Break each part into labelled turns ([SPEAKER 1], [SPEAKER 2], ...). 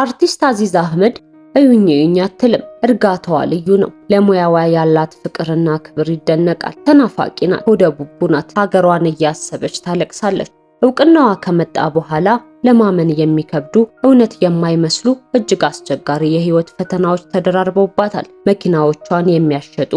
[SPEAKER 1] አርቲስት አዚዝ አህመድ እዩኝ እዩኝ አትልም። እርጋታዋ ልዩ ነው። ለሙያዋ ያላት ፍቅርና ክብር ይደነቃል። ተናፋቂ ናት። ወደ ቡቡ ናት። ሀገሯን እያሰበች ታለቅሳለች። እውቅናዋ ከመጣ በኋላ ለማመን የሚከብዱ እውነት የማይመስሉ እጅግ አስቸጋሪ የህይወት ፈተናዎች ተደራርበውባታል። መኪናዎቿን የሚያሸጡ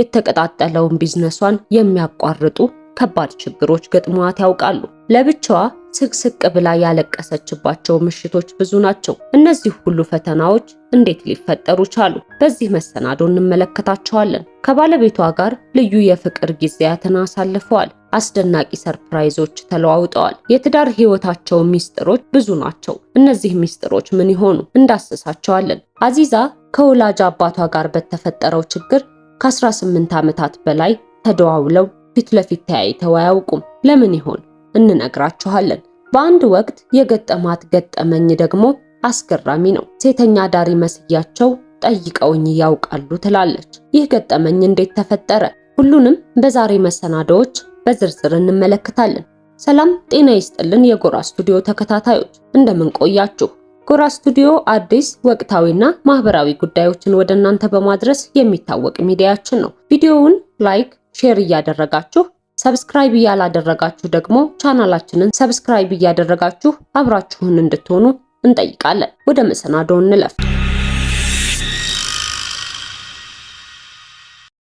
[SPEAKER 1] የተቀጣጠለውን ቢዝነሷን የሚያቋርጡ ከባድ ችግሮች ገጥመዋት ያውቃሉ። ለብቻዋ ስቅስቅ ብላ ያለቀሰችባቸው ምሽቶች ብዙ ናቸው። እነዚህ ሁሉ ፈተናዎች እንዴት ሊፈጠሩ ቻሉ? በዚህ መሰናዶ እንመለከታቸዋለን። ከባለቤቷ ጋር ልዩ የፍቅር ጊዜያትን አሳልፈዋል። አስደናቂ ሰርፕራይዞች ተለዋውጠዋል። የትዳር ህይወታቸው ሚስጥሮች ብዙ ናቸው። እነዚህ ሚስጥሮች ምን ይሆኑ? እንዳስሳቸዋለን። አዚዛ ከወላጅ አባቷ ጋር በተፈጠረው ችግር ከ18 ዓመታት በላይ ተደዋውለው ፊት ለፊት ተያይተው አያውቁም። ለምን ይሆን? እንነግራችኋለን። በአንድ ወቅት የገጠማት ገጠመኝ ደግሞ አስገራሚ ነው። ሴተኛ ዳሪ መስያቸው ጠይቀውኝ ያውቃሉ ትላለች። ይህ ገጠመኝ እንዴት ተፈጠረ? ሁሉንም በዛሬ መሰናዶዎች በዝርዝር እንመለከታለን። ሰላም ጤና ይስጥልን የጎራ ስቱዲዮ ተከታታዮች እንደምን ቆያችሁ? ጎራ ስቱዲዮ አዲስ ወቅታዊና ማህበራዊ ጉዳዮችን ወደ እናንተ በማድረስ የሚታወቅ ሚዲያችን ነው። ቪዲዮውን ላይክ፣ ሼር እያደረጋችሁ ሰብስክራይብ እያላደረጋችሁ ደግሞ ቻናላችንን ሰብስክራይብ እያደረጋችሁ አብራችሁን እንድትሆኑ እንጠይቃለን። ወደ መሰናዶው እንለፍ።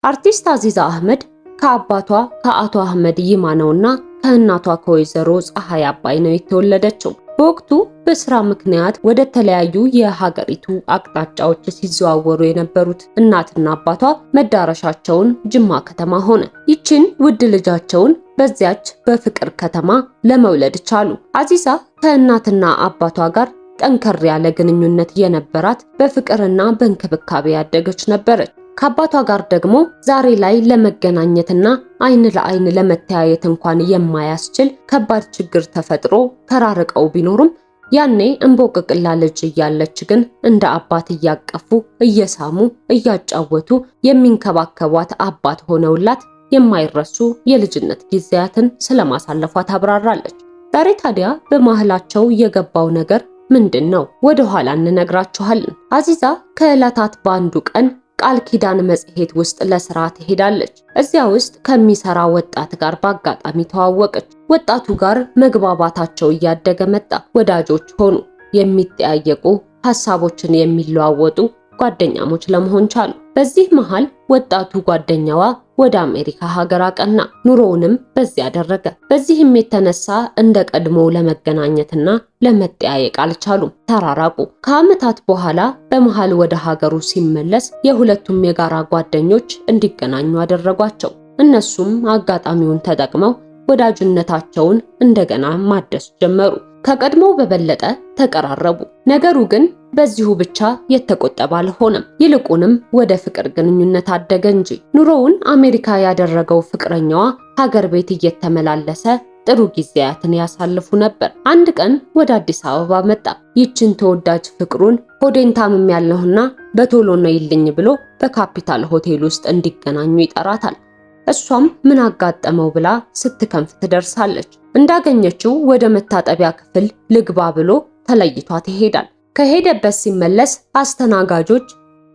[SPEAKER 1] አርቲስት አዚዛ አህመድ ከአባቷ ከአቶ አህመድ ይማነውና ከእናቷ ከወይዘሮ ፀሐይ አባይ ነው የተወለደችው። በወቅቱ በስራ ምክንያት ወደ ተለያዩ የሀገሪቱ አቅጣጫዎች ሲዘዋወሩ የነበሩት እናትና አባቷ መዳረሻቸውን ጅማ ከተማ ሆነ። ይችን ውድ ልጃቸውን በዚያች በፍቅር ከተማ ለመውለድ ቻሉ። አዚዛ ከእናትና አባቷ ጋር ጠንከር ያለ ግንኙነት የነበራት በፍቅርና በእንክብካቤ ያደገች ነበረች። ከአባቷ ጋር ደግሞ ዛሬ ላይ ለመገናኘትና አይን ለአይን ለመተያየት እንኳን የማያስችል ከባድ ችግር ተፈጥሮ ተራርቀው ቢኖሩም ያኔ እንቦቅቅላ ልጅ እያለች ግን እንደ አባት እያቀፉ እየሳሙ እያጫወቱ የሚንከባከቧት አባት ሆነውላት የማይረሱ የልጅነት ጊዜያትን ስለማሳለፏ ታብራራለች። ዛሬ ታዲያ በማህላቸው የገባው ነገር ምንድን ነው? ወደ ኋላ እንነግራችኋለን። አዚዛ ከዕለታት በአንዱ ቀን ቃል ኪዳን መጽሔት ውስጥ ለስራ ትሄዳለች። እዚያ ውስጥ ከሚሰራ ወጣት ጋር በአጋጣሚ ተዋወቀች። ወጣቱ ጋር መግባባታቸው እያደገ መጣ። ወዳጆች ሆኑ። የሚጠያየቁ ሀሳቦችን የሚለዋወጡ ጓደኛሞች ለመሆን ቻሉ። በዚህ መሃል ወጣቱ ጓደኛዋ ወደ አሜሪካ ሀገር አቀና። ኑሮውንም በዚህ አደረገ። በዚህም የተነሳ እንደ ቀድሞ ለመገናኘትና ለመጠያየቅ አልቻሉም፣ ተራራቁ። ከዓመታት በኋላ በመሃል ወደ ሀገሩ ሲመለስ የሁለቱም የጋራ ጓደኞች እንዲገናኙ አደረጓቸው። እነሱም አጋጣሚውን ተጠቅመው ወዳጅነታቸውን እንደገና ማደስ ጀመሩ። ከቀድሞ በበለጠ ተቀራረቡ። ነገሩ ግን በዚሁ ብቻ የተቆጠበ አልሆነም። ይልቁንም ወደ ፍቅር ግንኙነት አደገ እንጂ። ኑሮውን አሜሪካ ያደረገው ፍቅረኛዋ ሀገር ቤት እየተመላለሰ ጥሩ ጊዜያትን ያሳልፉ ነበር። አንድ ቀን ወደ አዲስ አበባ መጣ። ይችን ተወዳጅ ፍቅሩን ሆዴን ታምም ያለሁና በቶሎ ነው ይልኝ ብሎ በካፒታል ሆቴል ውስጥ እንዲገናኙ ይጠራታል። እሷም ምን አጋጠመው ብላ ስትከንፍ ትደርሳለች። እንዳገኘችው ወደ መታጠቢያ ክፍል ልግባ ብሎ ተለይቷት ይሄዳል። ከሄደበት ሲመለስ አስተናጋጆች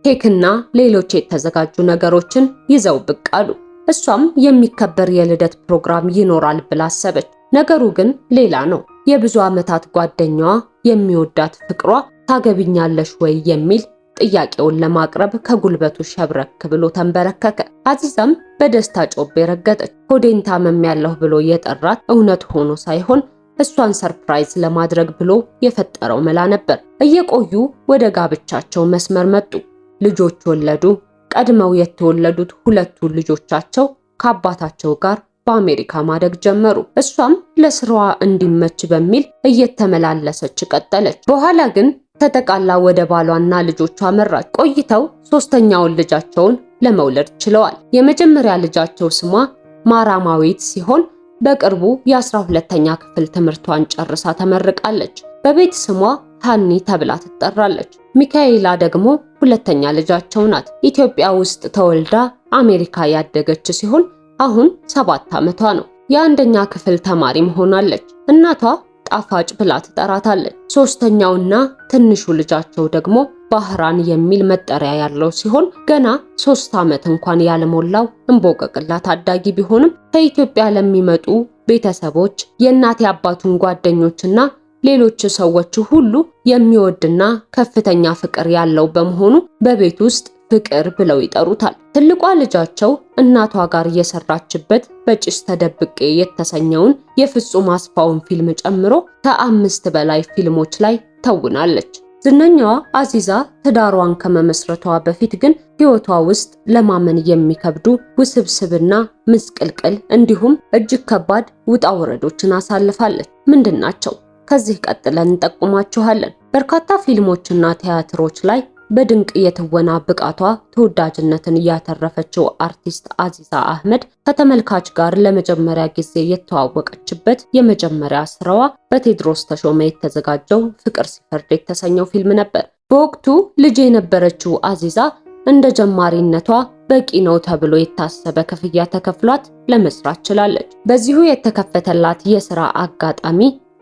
[SPEAKER 1] ኬክና ሌሎች የተዘጋጁ ነገሮችን ይዘው ብቅ አሉ። እሷም የሚከበር የልደት ፕሮግራም ይኖራል ብላ አሰበች። ነገሩ ግን ሌላ ነው። የብዙ ዓመታት ጓደኛዋ የሚወዳት ፍቅሯ ታገብኛለሽ ወይ የሚል ጥያቄውን ለማቅረብ ከጉልበቱ ሸብረክ ብሎ ተንበረከከ። አዚዛም በደስታ ጮቤ ረገጠች። ሆዴን ታመም ያለሁ ብሎ የጠራት እውነት ሆኖ ሳይሆን እሷን ሰርፕራይዝ ለማድረግ ብሎ የፈጠረው መላ ነበር። እየቆዩ ወደ ጋብቻቸው መስመር መጡ። ልጆች ወለዱ። ቀድመው የተወለዱት ሁለቱ ልጆቻቸው ከአባታቸው ጋር በአሜሪካ ማደግ ጀመሩ። እሷም ለስራዋ እንዲመች በሚል እየተመላለሰች ቀጠለች። በኋላ ግን ተጠቃላ ወደ ባሏና ልጆቿ አመራች። ቆይተው ሶስተኛውን ልጃቸውን ለመውለድ ችለዋል። የመጀመሪያ ልጃቸው ስሟ ማራማዊት ሲሆን በቅርቡ የአስራ ሁለተኛ ክፍል ትምህርቷን ጨርሳ ተመርቃለች። በቤት ስሟ ሃኒ ተብላ ትጠራለች። ሚካኤላ ደግሞ ሁለተኛ ልጃቸው ናት። ኢትዮጵያ ውስጥ ተወልዳ አሜሪካ ያደገች ሲሆን አሁን ሰባት ዓመቷ ነው። የአንደኛ ክፍል ተማሪም ሆናለች። እናቷ ጣፋጭ ብላ ትጠራታለች። ሶስተኛውና ትንሹ ልጃቸው ደግሞ ባህራን የሚል መጠሪያ ያለው ሲሆን ገና ሶስት ዓመት እንኳን ያልሞላው እንቦቀቅላ ታዳጊ ቢሆንም ከኢትዮጵያ ለሚመጡ ቤተሰቦች የእናት አባቱን ጓደኞችና ሌሎች ሰዎች ሁሉ የሚወድና ከፍተኛ ፍቅር ያለው በመሆኑ በቤት ውስጥ ፍቅር ብለው ይጠሩታል። ትልቋ ልጃቸው እናቷ ጋር እየሰራችበት በጭስ ተደብቄ የተሰኘውን የፍጹም አስፋውን ፊልም ጨምሮ ከአምስት በላይ ፊልሞች ላይ ተውናለች። ዝነኛዋ አዚዛ ትዳሯን ከመመስረቷ በፊት ግን ሕይወቷ ውስጥ ለማመን የሚከብዱ ውስብስብና ምስቅልቅል እንዲሁም እጅግ ከባድ ውጣ ውረዶችን አሳልፋለች። ምንድን ናቸው? ከዚህ ቀጥለን እንጠቁማችኋለን። በርካታ ፊልሞችና ቲያትሮች ላይ በድንቅ የትወና ብቃቷ ተወዳጅነትን ያተረፈችው አርቲስት አዚዛ አህመድ ከተመልካች ጋር ለመጀመሪያ ጊዜ የተዋወቀችበት የመጀመሪያ ስራዋ በቴዎድሮስ ተሾመ የተዘጋጀው ፍቅር ሲፈርድ የተሰኘው ፊልም ነበር። በወቅቱ ልጅ የነበረችው አዚዛ እንደ ጀማሪነቷ በቂ ነው ተብሎ የታሰበ ክፍያ ተከፍሏት ለመስራት ችላለች። በዚሁ የተከፈተላት የስራ አጋጣሚ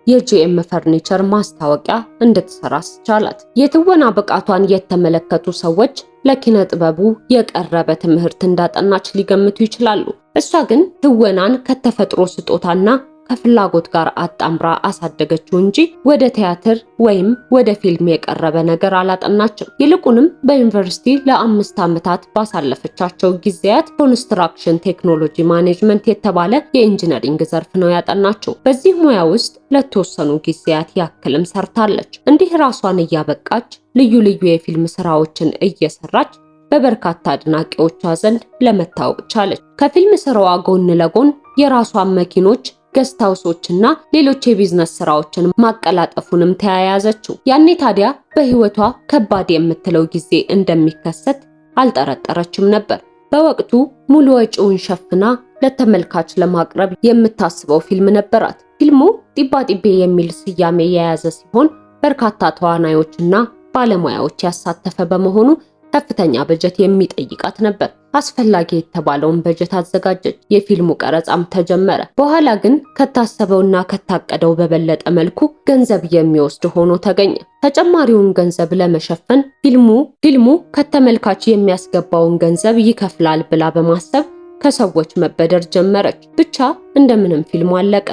[SPEAKER 1] የጂኤም ፈርኒቸር ማስታወቂያ እንድትሰራ አስቻላት። የትወና ብቃቷን የተመለከቱ ሰዎች ለኪነ ጥበቡ የቀረበ ትምህርት እንዳጠናች ሊገምቱ ይችላሉ። እሷ ግን ትወናን ከተፈጥሮ ስጦታና ከፍላጎት ጋር አጣምራ አሳደገችው እንጂ ወደ ቲያትር ወይም ወደ ፊልም የቀረበ ነገር አላጠናችም። ይልቁንም በዩኒቨርሲቲ ለአምስት ዓመታት ባሳለፈቻቸው ጊዜያት ኮንስትራክሽን ቴክኖሎጂ ማኔጅመንት የተባለ የኢንጂነሪንግ ዘርፍ ነው ያጠናችው። በዚህ ሙያ ውስጥ ለተወሰኑ ጊዜያት ያክልም ሰርታለች። እንዲህ ራሷን እያበቃች ልዩ ልዩ የፊልም ስራዎችን እየሰራች በበርካታ አድናቂዎቿ ዘንድ ለመታወቅ ቻለች። ከፊልም ስራዋ ጎን ለጎን የራሷን መኪኖች ገስታውሶችና ሌሎች የቢዝነስ ስራዎችን ማቀላጠፉንም ተያያዘችው። ያኔ ታዲያ በህይወቷ ከባድ የምትለው ጊዜ እንደሚከሰት አልጠረጠረችም ነበር። በወቅቱ ሙሉ ወጪውን ሸፍና ለተመልካች ለማቅረብ የምታስበው ፊልም ነበራት። ፊልሙ ጢባጢቤ የሚል ስያሜ የያዘ ሲሆን በርካታ ተዋናዮችና ባለሙያዎች ያሳተፈ በመሆኑ ከፍተኛ በጀት የሚጠይቃት ነበር። አስፈላጊ የተባለውን በጀት አዘጋጀች። የፊልሙ ቀረጻም ተጀመረ። በኋላ ግን ከታሰበውና ከታቀደው በበለጠ መልኩ ገንዘብ የሚወስድ ሆኖ ተገኘ። ተጨማሪውን ገንዘብ ለመሸፈን ፊልሙ ፊልሙ ከተመልካች የሚያስገባውን ገንዘብ ይከፍላል ብላ በማሰብ ከሰዎች መበደር ጀመረች። ብቻ እንደምንም ፊልሙ አለቀ።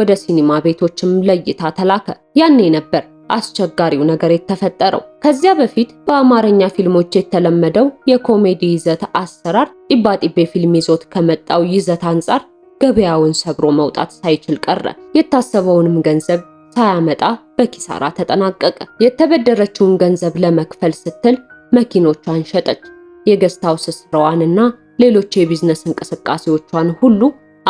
[SPEAKER 1] ወደ ሲኒማ ቤቶችም ለእይታ ተላከ። ያኔ ነበር አስቸጋሪው ነገር የተፈጠረው። ከዚያ በፊት በአማርኛ ፊልሞች የተለመደው የኮሜዲ ይዘት አሰራር ጢባጢቤ ፊልም ይዞት ከመጣው ይዘት አንጻር ገበያውን ሰብሮ መውጣት ሳይችል ቀረ። የታሰበውንም ገንዘብ ሳያመጣ በኪሳራ ተጠናቀቀ። የተበደረችውን ገንዘብ ለመክፈል ስትል መኪኖቿን ሸጠች። የገስታው ስስራዋንና ሌሎች የቢዝነስ እንቅስቃሴዎቿን ሁሉ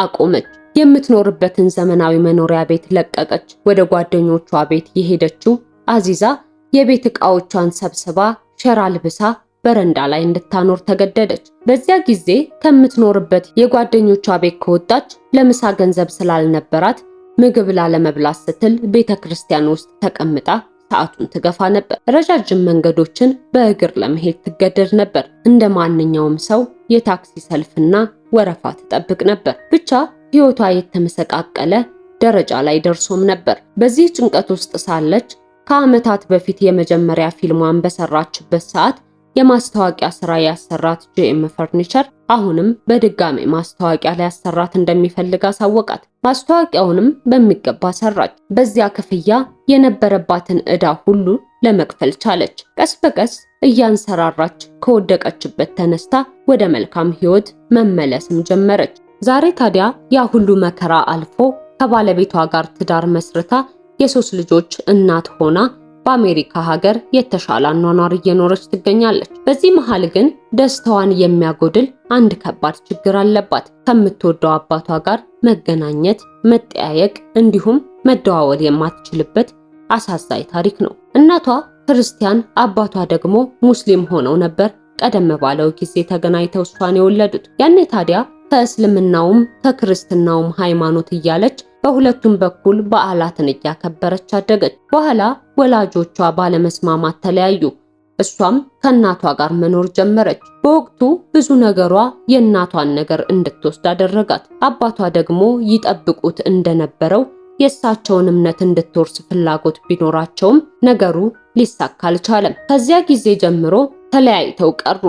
[SPEAKER 1] አቆመች። የምትኖርበትን ዘመናዊ መኖሪያ ቤት ለቀቀች። ወደ ጓደኞቿ ቤት የሄደችው አዚዛ የቤት ዕቃዎቿን ሰብስባ ሸራ ልብሳ በረንዳ ላይ እንድታኖር ተገደደች። በዚያ ጊዜ ከምትኖርበት የጓደኞቿ ቤት ከወጣች ለምሳ ገንዘብ ስላልነበራት ምግብ ላለመብላት ስትል ቤተ ክርስቲያን ውስጥ ተቀምጣ ሰዓቱን ትገፋ ነበር። ረጃጅም መንገዶችን በእግር ለመሄድ ትገደድ ነበር። እንደ ማንኛውም ሰው የታክሲ ሰልፍና ወረፋ ትጠብቅ ነበር ብቻ ህይወቷ የተመሰቃቀለ ደረጃ ላይ ደርሶም ነበር። በዚህ ጭንቀት ውስጥ ሳለች ከዓመታት በፊት የመጀመሪያ ፊልሟን በሰራችበት ሰዓት የማስታወቂያ ስራ ያሰራት ጄኤም ፈርኒቸር አሁንም በድጋሚ ማስታወቂያ ላይ ያሰራት እንደሚፈልግ አሳወቃት። ማስታወቂያውንም በሚገባ ሰራች። በዚያ ክፍያ የነበረባትን ዕዳ ሁሉ ለመክፈል ቻለች። ቀስ በቀስ እያንሰራራች ከወደቀችበት ተነስታ ወደ መልካም ህይወት መመለስም ጀመረች። ዛሬ ታዲያ ያ ሁሉ መከራ አልፎ ከባለቤቷ ጋር ትዳር መስርታ የሶስት ልጆች እናት ሆና በአሜሪካ ሀገር የተሻለ አኗኗር እየኖረች ትገኛለች። በዚህ መሃል ግን ደስታዋን የሚያጎድል አንድ ከባድ ችግር አለባት። ከምትወደው አባቷ ጋር መገናኘት፣ መጠያየቅ እንዲሁም መደዋወል የማትችልበት አሳዛኝ ታሪክ ነው። እናቷ ክርስቲያን፣ አባቷ ደግሞ ሙስሊም ሆነው ነበር ቀደም ባለው ጊዜ ተገናኝተው እሷን የወለዱት። ያኔ ታዲያ ከእስልምናውም ከክርስትናውም ሃይማኖት እያለች በሁለቱም በኩል በዓላትን እያከበረች አደገች። በኋላ ወላጆቿ ባለመስማማት ተለያዩ። እሷም ከእናቷ ጋር መኖር ጀመረች። በወቅቱ ብዙ ነገሯ የእናቷን ነገር እንድትወስድ አደረጋት። አባቷ ደግሞ ይጠብቁት እንደነበረው የእሳቸውን እምነት እንድትወርስ ፍላጎት ቢኖራቸውም ነገሩ ሊሳካ አልቻለም። ከዚያ ጊዜ ጀምሮ ተለያይተው ቀሩ።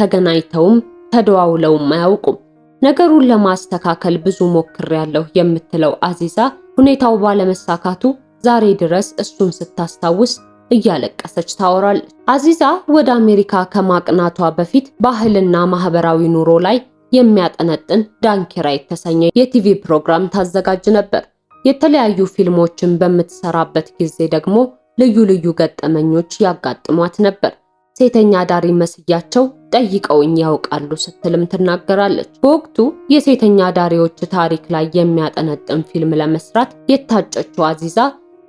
[SPEAKER 1] ተገናኝተውም ተደዋውለውም አያውቁም። ነገሩን ለማስተካከል ብዙ ሞክሬያለሁ የምትለው አዚዛ ሁኔታው ባለመሳካቱ ዛሬ ድረስ እሱን ስታስታውስ እያለቀሰች ታወራለች። አዚዛ ወደ አሜሪካ ከማቅናቷ በፊት ባህልና ማህበራዊ ኑሮ ላይ የሚያጠነጥን ዳንኪራ የተሰኘ የቲቪ ፕሮግራም ታዘጋጅ ነበር። የተለያዩ ፊልሞችን በምትሰራበት ጊዜ ደግሞ ልዩ ልዩ ገጠመኞች ያጋጥሟት ነበር። ሴተኛ ዳሪ መስያቸው ጠይቀውኝ ያውቃሉ ስትልም ትናገራለች። በወቅቱ የሴተኛ አዳሪዎች ታሪክ ላይ የሚያጠነጥን ፊልም ለመስራት የታጨችው አዚዛ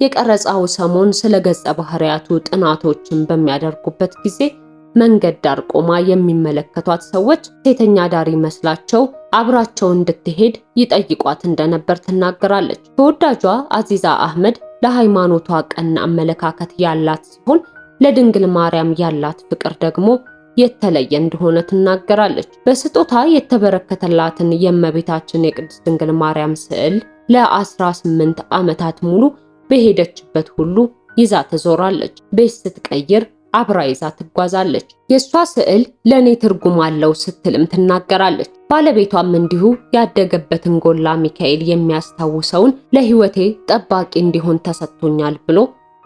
[SPEAKER 1] የቀረጻው ሰሞን ስለ ገጸ ባህሪያቱ ጥናቶችን በሚያደርጉበት ጊዜ መንገድ ዳር ቆማ የሚመለከቷት ሰዎች ሴተኛ ዳሪ መስላቸው አብራቸው እንድትሄድ ይጠይቋት እንደነበር ትናገራለች። ተወዳጇ አዚዛ አህመድ ለሃይማኖቷ ቀና አመለካከት ያላት ሲሆን ለድንግል ማርያም ያላት ፍቅር ደግሞ የተለየ እንደሆነ ትናገራለች። በስጦታ የተበረከተላትን የእመቤታችን የቅድስት ድንግል ማርያም ስዕል ለ18 ዓመታት ሙሉ በሄደችበት ሁሉ ይዛ ትዞራለች። ቤት ስትቀይር አብራ ይዛ ትጓዛለች። የእሷ ስዕል ለእኔ ትርጉም አለው ስትልም ትናገራለች። ባለቤቷም እንዲሁ ያደገበትን ጎላ ሚካኤል የሚያስታውሰውን ለሕይወቴ ጠባቂ እንዲሆን ተሰጥቶኛል ብሎ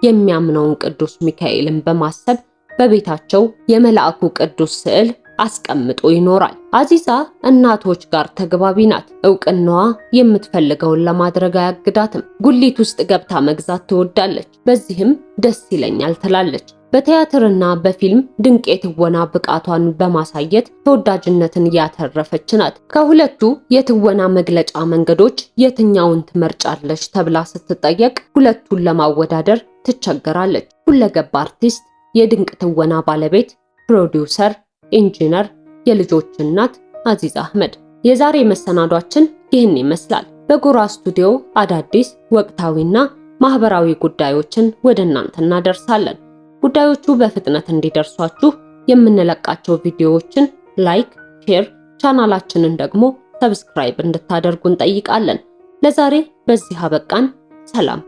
[SPEAKER 1] የሚያምነውን ቅዱስ ሚካኤልን በማሰብ በቤታቸው የመልአኩ ቅዱስ ስዕል አስቀምጦ ይኖራል። አዚዛ እናቶች ጋር ተግባቢ ናት። እውቅናዋ የምትፈልገውን ለማድረግ አያግዳትም። ጉሊት ውስጥ ገብታ መግዛት ትወዳለች። በዚህም ደስ ይለኛል ትላለች። በቲያትርና በፊልም ድንቅ የትወና ብቃቷን በማሳየት ተወዳጅነትን እያተረፈች ናት። ከሁለቱ የትወና መግለጫ መንገዶች የትኛውን ትመርጫለች ተብላ ስትጠየቅ ሁለቱን ለማወዳደር ትቸገራለች። ሁለገብ አርቲስት የድንቅ ትወና ባለቤት፣ ፕሮዲውሰር፣ ኢንጂነር፣ የልጆች እናት አዚዝ አህመድ። የዛሬ መሰናዷችን ይህን ይመስላል። በጎራ ስቱዲዮ አዳዲስ ወቅታዊና ማህበራዊ ጉዳዮችን ወደ እናንተ እናደርሳለን። ጉዳዮቹ በፍጥነት እንዲደርሷችሁ የምንለቃቸው ቪዲዮዎችን ላይክ፣ ሼር፣ ቻናላችንን ደግሞ ሰብስክራይብ እንድታደርጉ እንጠይቃለን። ለዛሬ በዚህ አበቃን። ሰላም